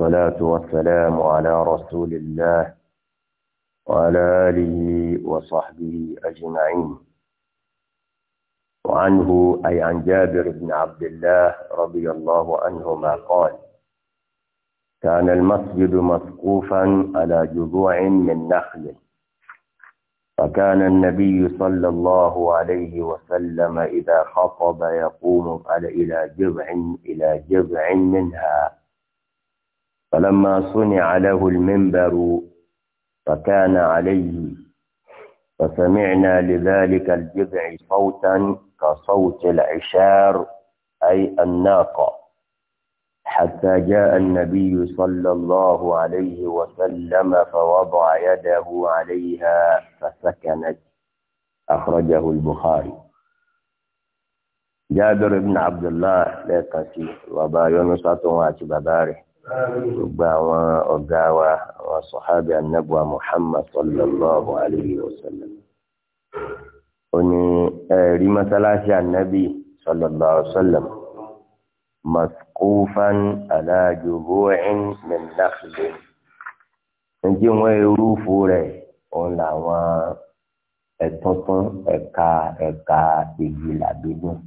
والصلاة والسلام على رسول الله وعلى آله وصحبه أجمعين وعنه أي عن جابر بن عبد الله رضي الله عنهما قال كان المسجد مسقوفا على جذوع من نخل فكان النبي صلى الله عليه وسلم إذا خطب يقوم إلى جذع إلى جذع منها فلما صنع له المنبر فكان عليه فسمعنا لذلك الجذع صوتا كصوت العشار أي الناقة حتى جاء النبي صلى الله عليه وسلم فوضع يده عليها فسكنت أخرجه البخاري جابر بن عبد الله لقاسي وبا يونس أتوا باره gbogbo àwọn ọ̀gá wa àwọn sọ̀hábì anábùwà Muhammad sallallahu alayhi wa sallam. ó ní ẹ̀rí mọ́sálásí anábì sallallahu alayhi wa sallam masqufan ala jubu'in min ǹjẹ́ wọ́n irúfò rẹ̀ òun làwọn ẹ̀tọ́tún ẹ̀ka ẹ̀ka igi làbídùn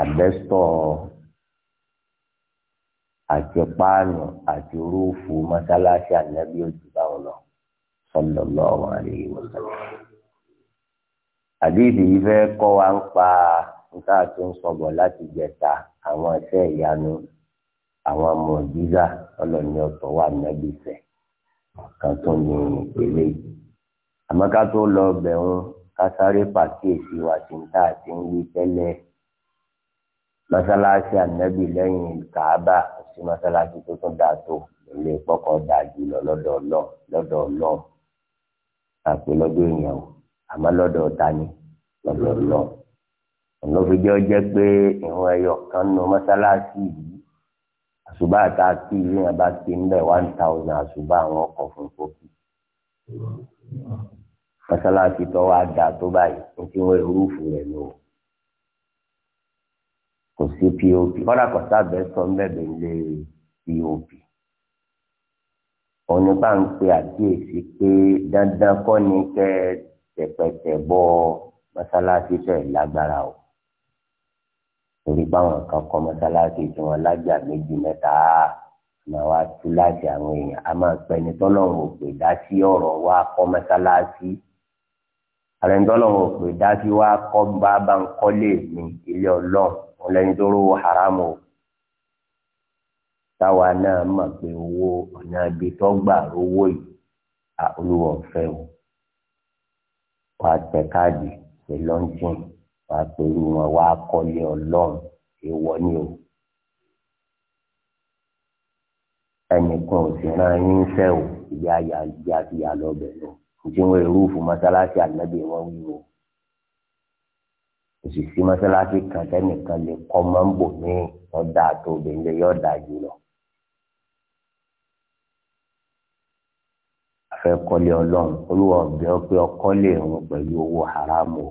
àbẹ́sọ̀ àti páànù àti rúùfù mọ́sálásí ànábì òjì báwọn lọ sallallahu alaihi wasallam. àdìdì yìí fẹ́ kọ́ wa ń pa nǹkan àti ń sọ̀bọ̀ láti jẹta àwọn iṣẹ́ ìyanu àwọn mọ̀jíza ọlọ́ni ọ̀tọ̀ wà nábì fẹ́ kan tó ní ìpele àmọ́ ká tó lọ bẹ̀rùn ká sáré pàkíyèsí wa tí ń tà àti ń wí tẹ́lẹ̀ mọ́sálásí ànábì lẹ́yìn kàábà sí mọ́sálásí tó tún dáa tó ilé pọ́kọ́ dáa jù lọ lọ́dọ̀ ọlọ́ lọ́dọ̀ ọlọ́ àpè lọ́dọ̀ èèyàn o àmọ́ lọ́dọ̀ ọ̀tá ni lọ́dọ̀ ọlọ́ ọ̀nàfíjọ́ jẹ́ pé ìrun ẹyọ kan nu mọ́sálásí yìí àṣùbà tá a kí ilé yẹn bá ti ń bẹ̀ one thousand àṣùbà àwọn ọkọ̀ fún kókì mọ́sálásí tó wá dáa tó báyìí ní tí wọ́n rúfù rẹ̀ lọ́wọ́ kò sí pop kọ́dà kò sábẹ́ sọ ńbẹ̀bẹ̀ lé pop òní bá ń pe àkíyèsí pé dandan kọ́ ni kẹ́ tẹ̀pẹ̀tẹ̀ bọ́ mọ́sálásí tẹ̀ lágbára o torí báwọn kan kọ́ mọ́sálásí tí wọ́n lájà méjì mẹ́ta máa wá tú láti àwọn èèyàn a máa pẹ́ ní tọ́lọ́run ò pè dá sí ọ̀rọ̀ wa kọ́ mọ́sálásí àrẹ̀ńtọ́lọ́run ò pè dá sí wa kọ́ bá bá ń kọ́lé mi ilé ọlọ́run ọlẹ́yìn tó rówó haramu táwa náà mọ̀ pé owó ọ̀nà ibi tó gbà rówó yìí olúwa ọ̀fẹ́ o wàá tẹ káàdì pé lọ́ńtìn wàá pẹ̀lú wọn wàá kọ́lé ọlọ́run èèwọ̀ ni o ẹnìkan ò sì rán yín fẹ́ o ìyá ìyá ti yà lọ ìdíwọ̀n irúfù mọ́sálásí ànábì wọn wí o òsì sí mọ́sálásí kan tẹ́nìkan lè kọ́ mọ́ńbò ní ọ̀dà tó bẹ̀lẹ̀ yọ̀ dà jù lọ. afẹ́ kọ́lé ọlọ́run olúwa ọ̀bẹ ọpẹ́ ọkọ́lé òun pẹ̀lú owó haramu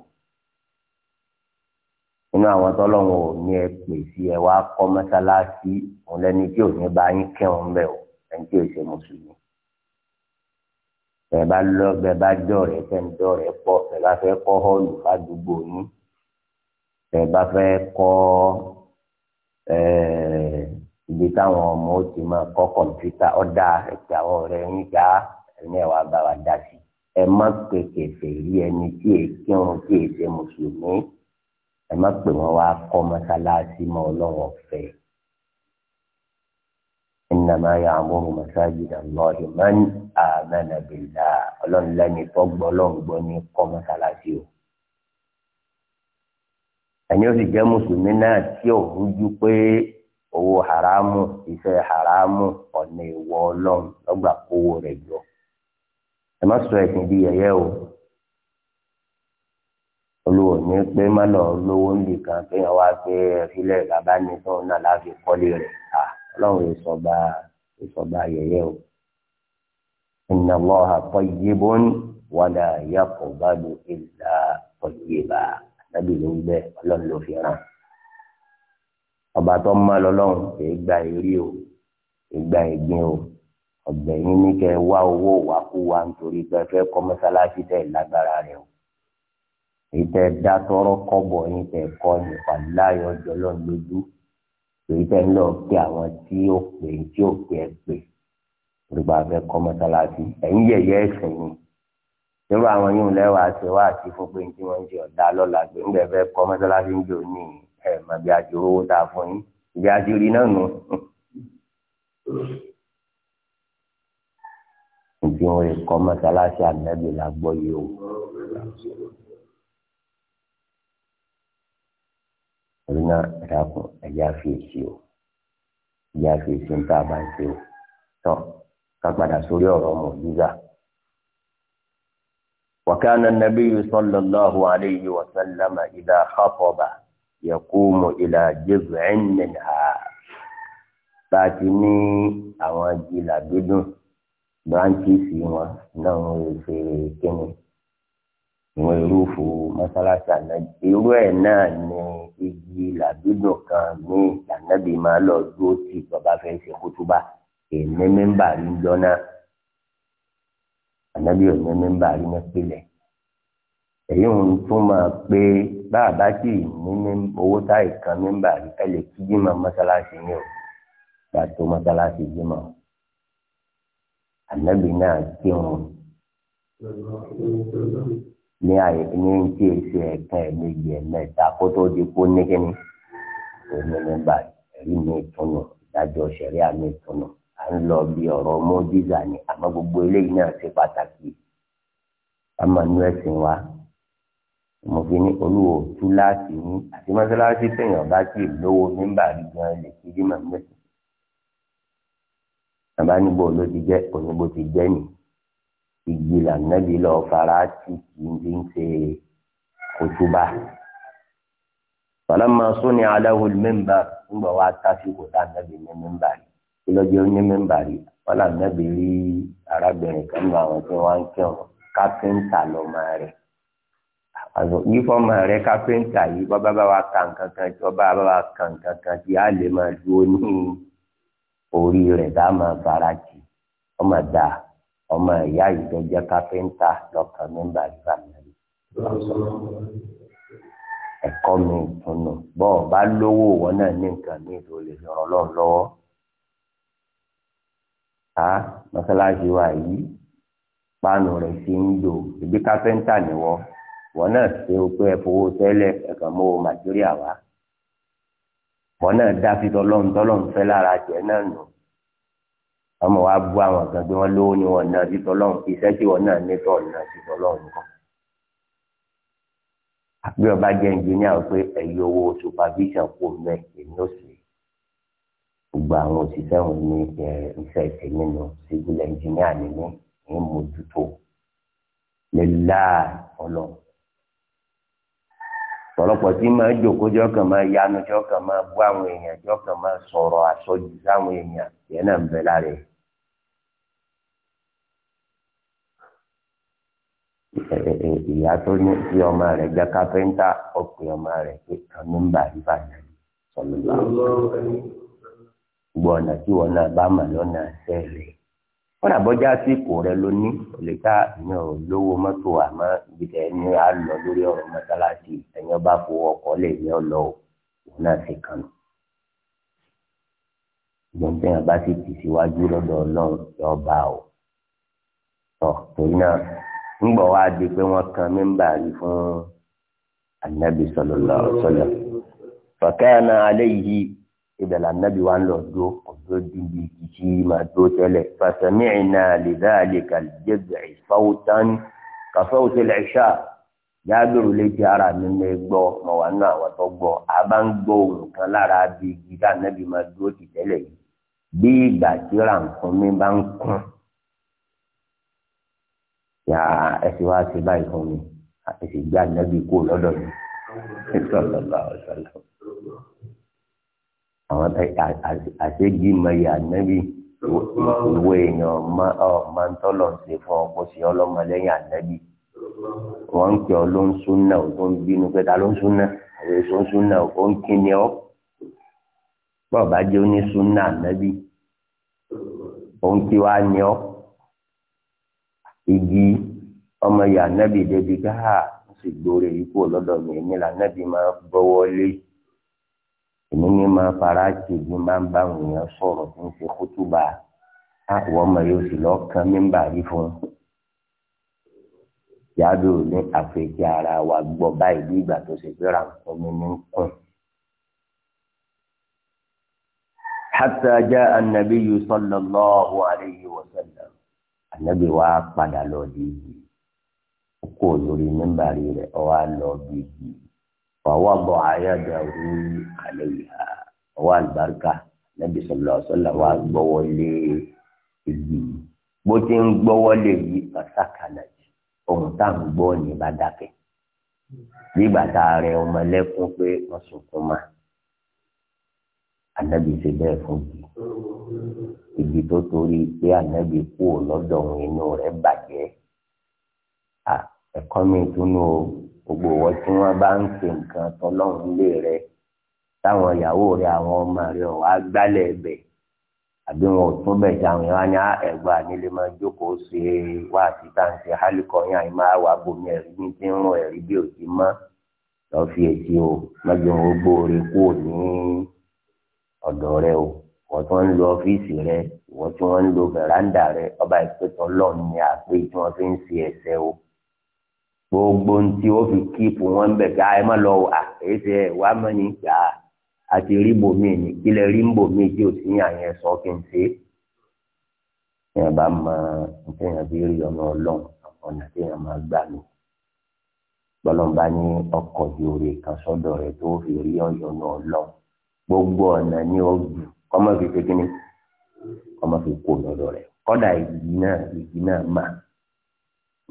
inú àwọn tọ́lọ́run ò ní ẹ pè sí ẹ wá kọ́ mọ́sálásí òun lẹ́ni tí ò ní bá yín kẹ́hún bẹ́ẹ̀ o ẹni tí ò ṣe mùsùlùmí bẹ́ẹ̀ bá lọ bẹ́ẹ̀ bá dọ̀rẹ́ fẹ́ dọ̀rẹ́ pọ̀ bẹ́ẹ̀ bá fẹ́ kọ́ họ́ọ̀lù fádùúgbò yín tẹ́ bá fẹ́ kọ́ ibi táwọn ọmọ ó ti máa kọ́ kọ̀ǹpútà ọ̀dà ẹ̀kẹ́ àwọn ọ̀rẹ́ ń gbà ẹ̀mí ẹ̀wà bá wa dá sí ẹ má pè kẹfẹ rí ẹni tí èé kírun tí èé ṣe mùsùlùmí ẹ má pè wọn wá kọ́ mọ́sálásí mọ́ ọlọ́run ọ̀fẹ́ innama ya'muru masajida Allahi man amana billah ọlọ́run lẹ́ni tó gbọ́ ọlọ́run gbọ́ ní kọ́ mọ́sálásí o ẹni ó sì jẹ́ mùsùlùmí náà tí ò rújú pé owó haramu iṣẹ́ haramu ọ̀nà ìwọ ọlọ́run lọ́gbà kówó rẹ̀ jọ ẹ má sọ ẹ̀sìn di yẹ̀yẹ́ o olùwò ní pé má lọ lówó níbi kan kéèyàn wá pé ẹfílẹ̀ bàbá ní sóun náà láti kọ́lé rẹ̀ à ọlọ́run ìsọba ìsọba yẹ̀yẹ́ o inna Allaha tayyibun wala yaqbalu illa tayyiba nàbì ló wí bẹ́ẹ̀ ọlọ́run ló fi ràn. ọba tó má lọ́lọ́run kìí gba eré o kìí gba ẹ̀gbin o ọ̀gbẹ̀ yín ní kẹ́ wá owó wàkúwa nítorí pé fẹ́ kọ́ mọ́sálásí tẹ̀ lágbára rẹ̀ o. èyí tẹ́ dá tọrọ kọ́bọ̀ yín tẹ́ kọ́ nípa láyọ̀ ọjọ́ lọ́n lójú èyí tẹ́ ń lọ pé àwọn tí ó pè tí ó pè é pè nípa fẹ́ kọ́ mọ́sálásí ẹ̀yìn yẹ̀yẹ́ ẹ̀sìn ni nírú àwọn yìí lẹ́wàá ṣe wá àti fún pé tí wọ́n ń ṣe ọ̀dà lọ́la gbé ńgbẹ́ fẹ́ kọ́ mọ́sálásí ń jò ní ẹ̀ mà bí ajé owó tá a fún yín ìbí ajé rí náà nù. Ìdí wọn lè kọ́ mọ́sálásí ànábì la gbọ́ yìí o. Orí náà ẹ̀dàkùn ẹ̀yà fèsì o. Ẹ̀yà fèsì ń tá bá ń ṣe o. Tọ́ ká padà sórí ọ̀rọ̀ mọ̀ yíyá. وكان النبي صلى الله عليه وسلم إذا خطب يقوم إلى جذع منها فاتني أواجي لبدن برانشيسي ونوم في كني ìwọ̀n irúfu mọ́sálásí ànábì irú ẹ̀ náà ni igi làbídùn kan ní ànábì máa lọ dúró tì bàbá fẹ́ ṣe kútúbà èmi mẹ́mbà níjọ náà ànábì ò ní mímbà rí ní pilẹ̀ èyí ń túmọ̀ pé báàbá tí ní owó táì kan mímbà rí ẹ lè kí jímọ̀ mọ́sálásí ni o gbàtó mọ́sálásí jímọ̀ ànábì náà kírun ní àyè ní tí èsì ẹ̀kan ẹ̀mejì ẹ̀mẹ́ta kó tó di kó ní kíni òní mímbà rí mi túnú ìdájọ́ sẹ̀ríà mi túnú à ń lọ bí ọ̀rọ̀ mọ́jísà ni àmọ́ gbogbo eléyìí náà ṣe pàtàkì àmọ́ inú ẹ̀sìn wa mo fi ní olúwo tú láti ní àti mọ́sálásí tẹ̀yàn bá ti lówó nígbà gan lè fi dí màmú ẹ̀sìn bàbá níbo ló ti jẹ́ oníbo ti jẹ́ nì igi lànàbí lọ fara tí kì í ṣe kótóbá falamma suni alahu al-minbar nígbà wa tásìkò tá ànábì ní mímbà ìlọ́jọ́ ní mẹ́mbàrí wọ́n ànábì rí arábìnrin kan nínú àwọn tí wọ́n ń kírun kápẹ́ńtà lọ́mọ rẹ̀ yífọ́mọ rẹ̀ kápẹ́ńtà yìí bọ́ bá bá wa kà nǹkan kan tí wọ́n bá bá wa kà nǹkan kan tí a lè máa dúró ní orí rẹ̀ dá máa fara jì ọmọ dà ọmọ ìyá yìí tó jẹ́ kápẹ́ńtà lọ́kàn mẹ́mbàrí fàmìlì ẹ̀kọ́ mi ìtùnú bọ́ọ̀ bá lówó wọn náà ní nǹkan mi ìdòlè lọ́rọ̀ lọ́wọ́ a mọ́sálásí wa yìí páànù rẹ̀ ṣe ń lò ibi káfẹ́ńtà nìwọ wọn náà ṣe o pé ẹ fowó tẹ́lẹ̀ ẹ̀kan mọ́wọ́ màtíríà wa wọn náà dá fi tọlọ́run tọlọ́run fẹ́ lára jẹ náà nù ọmọ wa bú àwọn kan pé wọ́n lówó ni wọ́n náà fi tọlọ́run iṣẹ́ tí wọ́n náà ní tọ̀ náà fi tọlọ́run kan bí ọba jẹ́ ẹnjìníà pé ẹ̀yọ owó supervision kò mẹ́ èmi sí gbogbo àwọn òṣìṣẹ́ wọn ní iṣẹ́ ìtẹ̀mí nù civil engineer ni mí ní mójútó lè la ọlọ. ọ̀pọ̀lọpọ̀ tí máa jòkó jọ́ kàn máa yanu jọ́ kàn máa bú àwọn èèyàn jọ́ kàn máa sọ̀rọ̀ àsọjù sáwọn èèyàn yẹn náà ń bẹ lára ẹ̀. ìyá tó ní kí ọmọ rẹ̀ jẹ́ kápẹ́ńtà ọ̀pẹ ọmọ rẹ̀ pé kàn ní ń bà rí bàjẹ́ sọ̀lọ́lá gbọ́ ọ̀nà tí wọn náà bá mà lọ́nà sẹ́ẹ̀lì wọn àbọ̀já àsìkò rẹ ló ní òlẹ́ká ìyẹn ò lówó mọ́tò àmọ́ ìbílẹ̀ ẹni á lọ lórí ọ̀rọ̀ mọ́sálásí ẹ̀yìn ọba fo ọkọ̀ lè ní ọ̀lọ́ òun náà ṣe kàn án. gbọ̀ngàn àbá sì ti síwájú lọ́dọ̀ ọlọ́run yóò bá o. ọ̀ torí náà ń gbọ̀ wá di pé wọ́n kan mẹ́mbà rí fún anabi sallallahu alaihi fọ̀kẹ́ ibẹ̀ la nàbí wa ń lọ dúró ọ̀dọ́ dìbì kìkì máa dúró tẹ́lẹ̀ fasami'na lidhalika al-jaz'i fawtan ka fawti al-'isha jábìrù létí ara mi lè gbọ́ mọ̀ wá náà wà tó gbọ́ a bá ń gbọ́ òun kan lára bí gíga nàbí máa dúró ti tẹ́lẹ̀ yìí bí ìgbà tí rànkúnmí bá ń kún yà ẹsẹ̀ wá sí báyìí fún mi ẹsẹ̀ gbá nàbí kú lọ́dọ̀ mi àwọn àṣegí mẹyì ànẹbí ìwé èèyàn máa ń tọ́lọ̀ ṣe fún ọ kó ṣe ọlọ́mọlẹ́yìn ànẹbí wọ́n ń pè ọ ló ń súnà ó tó ń bínú pé ta ló ń súnà èso ń súnà ó ń kí ni bọ́ọ̀ bá jẹ́ onísúnà ànẹbí òun ti wá ni ọ igi ọmọ yìí ànẹbí débi gáà ó sì gbóore yìí kúrò lọ́dọ̀ mi èmi là máa bọ́wọ́ lé èmi ní máa fara jù ní máa ń bá àwọn èèyàn sọ̀rọ̀ tó ń ṣe kútúbà àwọn ọmọ yóò sì lọ́ọ́ kan mímbà rí fún un. yàdùn ní àfẹ́kí ara wa gbọ́ báyìí bí ìgbà tó ṣe pé ráńpọ̀ mi ní kùn. حتى جاء النبي صلى الله عليه وسلم النبي wa padà lọ dìídì kó lórí mímbà rí rẹ̀ ọ wá lọ dìídì fọwọ́ bọ̀ ayáda rú àlẹ́ ìhà ọwọ́ àlùbáríkà nàbì sọlọ sọlọ wa gbọ́wọ́ lé igi bó ti ń gbọ́wọ́ lé yí pàṣákàlà jù ohun tá à ń gbọ́ ní bá dákẹ́ nígbà tá a rẹ ọmọ lẹ́kún pé wọ́n sunkún mà ànábì ṣe bẹ́ẹ̀ fún igi igi tó torí pé ànábì kú ò lọ́dọ̀ òun inú rẹ̀ bàjẹ́ ẹ̀kọ́ mi tún nù o gbogbo wọn tí wọn bá ń ṣe nǹkan tọlọ́run lé rẹ táwọn ìyàwó rẹ àwọn ọmọ rẹ ọ wá gbálẹ̀ ẹ̀bẹ̀ àbí wọn ò tún bẹ́ẹ̀ jáwọn yẹn wá ní ẹgbà nílé máa jókòó ṣe wá àti táǹtì hálìkọ yẹn àyè máa wà bomi ẹ̀rí ní tí ń rún ẹ̀rí bí òtí mọ lọ fi èsì o mẹjọ wọn gbóore kúrò ní ọ̀dọ̀ rẹ o wọn tí wọn ń lo ọ́fíìsì rẹ wọn tí ń lo fẹranda rẹ ọba ìpẹtọ lọọ ní àpé tí wọn fi ń ṣe ẹsẹ o gbogbo ntí ó fi kíìpù wọn ń bẹ ká ẹ má lọ wà èyí ṣe ẹ wàá mọ ní gbà á àti rí bòmíì ní kílẹ̀ rí bòmíì tí ò sí àyẹn sọ kí n ṣe é yẹn bá mọ nítorí bí rí ọ̀nà ọlọ́run ọ̀nà tí yẹn máa gbà mí gbọ́lọ́mbà ní ọkọ̀ ju kan sọ́dọ̀ rẹ̀ tó fi rí ọ̀nà ọlọ́run gbogbo ọ̀nà ní ọ̀gbìn kọ́mọ́ fi ṣe kínní kọ́mọ́ fi kó lọ́dọ̀ rẹ̀ kọ́dà ìgbì náà ìgbì náà máa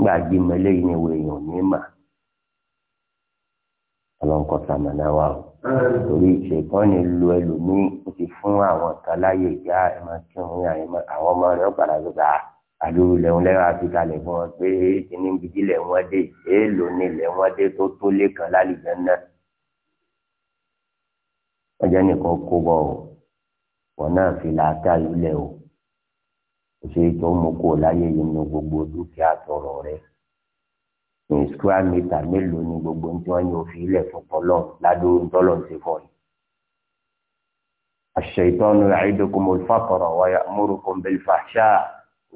gbàgbé mẹlẹ yìí ni wo èèyàn ní mà ọlọ́nkọ́ sàmànà wa o torí ìṣèkọ́ ni lu ẹlòmíì ó ti fún àwọn kan láyè ìyá ẹ máa kí wọn yà ẹ máa àwọn ọmọ rẹ padà tó ta àdúró lẹ́hún lẹ́hún àfikà lẹ̀ fún wọn pé kíní gidi lẹ̀ wọ́n dé èèlò ni lẹ̀ dé tó tó lé kan lálejò náà ọjọ́ nìkan kó bọ̀ ọ̀ wọn náà fi làákà lulẹ̀ o ṣe tó mú kó láyé yìí nu gbogbo dúkìá tọrọ rẹ ní square meter mélòó ni gbogbo ní tí wọn yóò fi ilẹ̀ fún pọlọ ládùúgbò tọlọ ti fọ yìí. aṣ-ṣaytanu ya'idukumul faqra wa ya'murukum bil fahsha'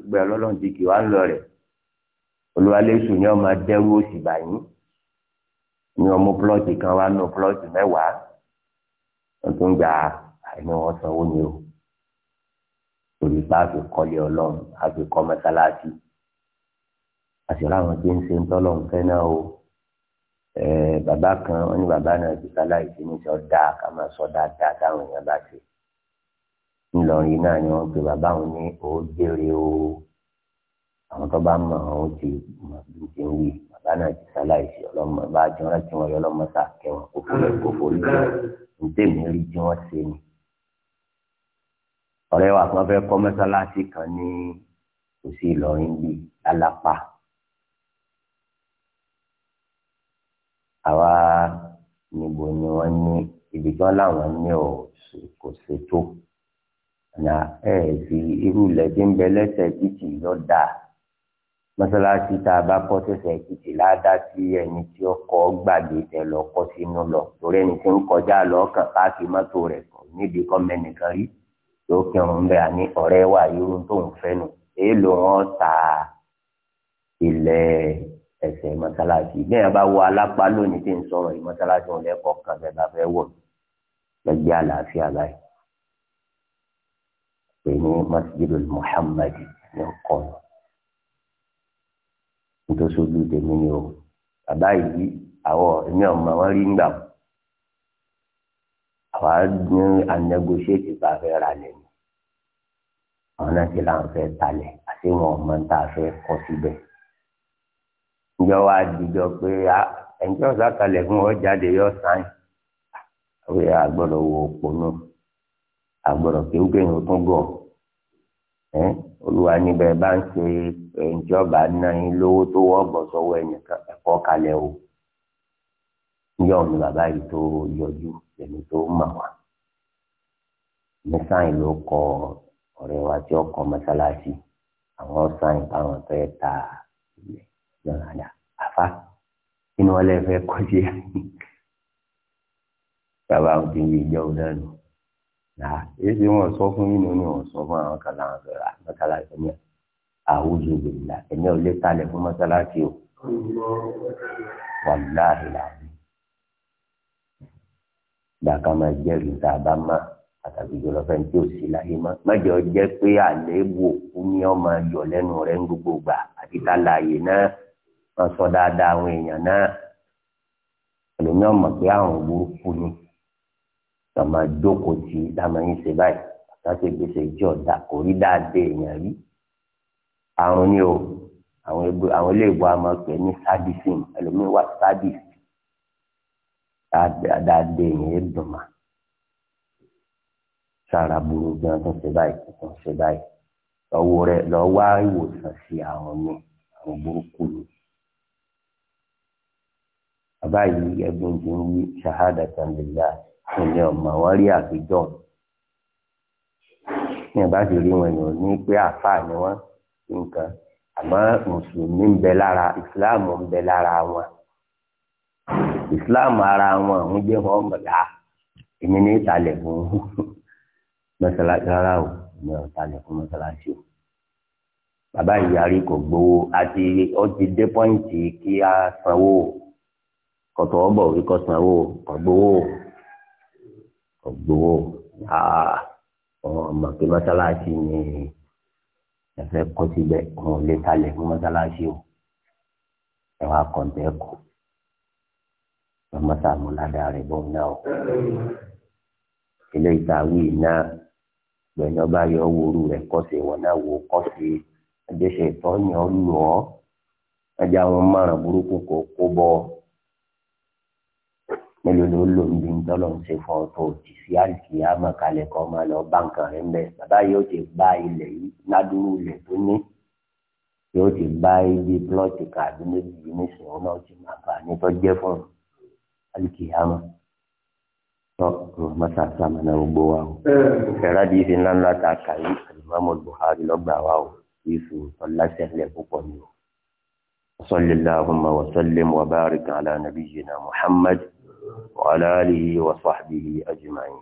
gbẹ ọlọ́run ti kì wá ń lọ rẹ̀ olùwàlẹ́sù ni ọmọ adẹ́rù òsì báyìí ní ọmọ plọ́ọ̀tì kan wá nù plọ́ọ̀tì mẹ́wàá wọn tún gbà àìní wọn sanwó ni o torí bá a fi kọ́lé ọlọ́run a fi kọ́ mọ́sálásí àṣírà àwọn tí ń ṣe ń tọ́lọ̀ ń fẹ́ náà o bàbá kan wọn ní bàbá náà ti sáláì sí ní sọ dáa ká máa sọ dáadáa táwọn èèyàn bá ṣe ńlọrin náà ni wọn pe bàbá wọn ní òó jèrè o àwọn tó bá mọ àwọn ti mọ bí ti ń wí bàbá náà ti sáláì sí ọlọmọ bá a jẹun láti wọn yọ ọlọmọ sàkẹwọn kò fún ẹ kò fún ẹ ní tèmi rí tí wọn ṣe ni ọ̀rẹ́ wa kan fẹ́ kọ́ mọ́sálásí kan ní kò sí Ìlọrin bíi alápá. àwa níbo ni wọ́n ní ibi tí wọ́n láwọn ní ò kò ṣètò na ẹ fi irú ilẹ̀ tí ń bẹ lẹ́sẹ̀ títì lọ́dà mọ́sálásí tá a bá kọ́ sẹ́sẹ̀ títì ládá sí ẹni tí ó kọ́ gbàgbé tẹ lọ kọ́ sínú lọ torí ẹni tí ń kọjá lọ́ọ̀kan káàkiri mọ́tò rẹ̀ níbi kọ́ mẹ́nìkan rí yóò kírun bẹ́ẹ̀ àní ọ̀rẹ́ wà irun tó ń fẹ́ nu èyí ló wọ́n ta ilẹ̀ ẹsẹ̀ mọ́sálásí bí yẹn bá wọ alápá lónìí tí ń sọ̀rọ̀ yìí mọ́sálásí òun lẹ́kọ̀ọ́ kan bẹ́ẹ̀ bá fẹ́ wọ̀ lẹ́gbẹ́ àlàáfíà báyìí pé ní masjidul muhammad ní kọ́nù nítorí sójú tèmi ni o bàbá yìí àwọn èmi ọmọ wọn rí ń gbà kú fà ní anẹgọṣẹ́tì bá fẹ́ ra lẹ̀ ni àwọn náà ti là ń fẹ́ talẹ̀ àti wọn ò mọ tá a fẹ́ kọ́ síbẹ̀ ǹjọ́ wa dìjọ pé ẹ̀ǹjọ́ sàkàlẹ̀ fún ọ jáde yọ sáyìn àwọn èèyàn àgbọ̀dọ̀ wo òpó náà àgbọ̀dọ̀ kéwkéyìn ó tún gọ̀ ẹ́ olùwà níbẹ̀ bá ń ṣe ìjọba náà yín lówó tó wọ́gbọ̀ sọ́wọ́ ẹnìkan ẹ̀kọ́ kalẹ̀ o níjọ́ ni bàbá yìí tó yọjú pẹ̀lú tó mọ̀ wá ní sáyìn ló kọ ọ̀rẹ́ wa tí ó kọ mọ́sálásí àwọn sáyìn báwọn tó yẹ ta ilẹ̀ lọ́nà àdá àfa inú wọn lè fẹ́ kọjú yá bàbá àwọn tí ń yí ìjọ òun lẹ́nu là èsì wọn sọ fún yín ní wọn sọ fún àwọn kan láwọn fẹ́ra mọ́sálásí ní àwùjọ gbèlà ẹ̀mí ò lè talẹ̀ fún mọ́sálásí o wàláhìláhì gbàgbà máa jẹ́rìí tá a bá má àtàkì jùlọ fẹ́ tí ò sí láyé mọ́ mẹ́jọ jẹ́ pé àléébù òkú ni ọ máa yọ lẹ́nu rẹ̀ ń gbogbo gbà àti tá láàyè náà wọ́n sọ dáadáa àwọn èèyàn náà ẹlòmíọ́ mọ̀ pé àrùn burúkú ni tọ́mọ jókòó ti dámọ̀yìn ṣe báyìí àtàkì gbèsè jọ dà kò rí dáadé èèyàn rí àrùn ni o àwọn ilé ìbò àmọ́ pé ní sádìsìn ẹlòmíọ́ wà sádìs dáadé yẹn dùnmà sára burú gan tó ṣe báyìí tó ṣe báyìí lọ́wọ́ rẹ lọ́wọ́ wá ìwòsàn sí àwọn mi àwọn burúkú ni. bàbá yìí ẹgbẹ́ ti ń wí ṣahada tàǹdìlá ìpínlẹ̀ ọ̀mà wọ́n rí àfijọ́ ní ẹ̀ ti rí wọn èèyàn ní pé àáfàá ni wọ́n nǹkan àmọ́ mùsùlùmí ń bẹ lára ìsìláàmù ń bẹ lára wọn islam ara wọn àwọn jẹ́ wọn mọ̀lá èmi ní ìtàlẹ̀ fún mọ́sálásí rárá o mi ò tàlẹ̀ fún mọ́sálásí o bàbá ìyàrí kò gbowó àti ó ti dé pọ́ǹtì kí a sanwó kọ̀tọ̀ ọ̀bọ̀ kíkọ́ sanwó kò gbowó kò gbowó àà ọmọ pé mọ́sálásí ni ẹ̀fẹ́ kọ́ síbẹ̀ òun lè tàlẹ̀ fún mọ́sálásí o ẹ̀wà kọ̀ǹtẹ́kù lọ́mọ́ta àmúládàá rẹ̀ bọ́ náà o. ilé ìtàwé náà gbẹ̀yìn ọba yọ wóoru rẹ̀ kọ́sẹ̀ wọn náà wò kọ́sẹ̀ ẹ̀jẹ̀sẹ̀ ìtọ́ni ọ̀ lù ọ́ ẹ̀jẹ̀ àwọn márùn burúkú kò kó bọ́ mélòó ló lò ń bí ń tọ́lọ̀ ń ṣe fún ọ tó tì sí àlùkìyà mọ̀kálẹ̀ kọ́ máa lọ báǹkà rẹ̀ ń bẹ̀ bàbá yóò ti gba ilẹ̀ yìí ládùúrú ilẹ̀ tó ní yóò ti gba ibi plọ́ọ̀tì kàdúmẹ́bì yìí nísìnyí náà ti máa bá a nítọ́jẹ́ fún un alikiyama tọ masa sama samana gbogbo wa o fẹrẹ di ife ńlá ńlá ta kàyí alimami Buhari lọgbà wa o ifu tọlásẹlẹ púpọ̀ ni o sallallahu wa sallim wa barik ala nabiyyina Muhammad wa ala alihi wa sahbihi ajma'in.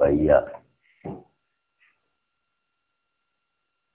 Wa iyyakum.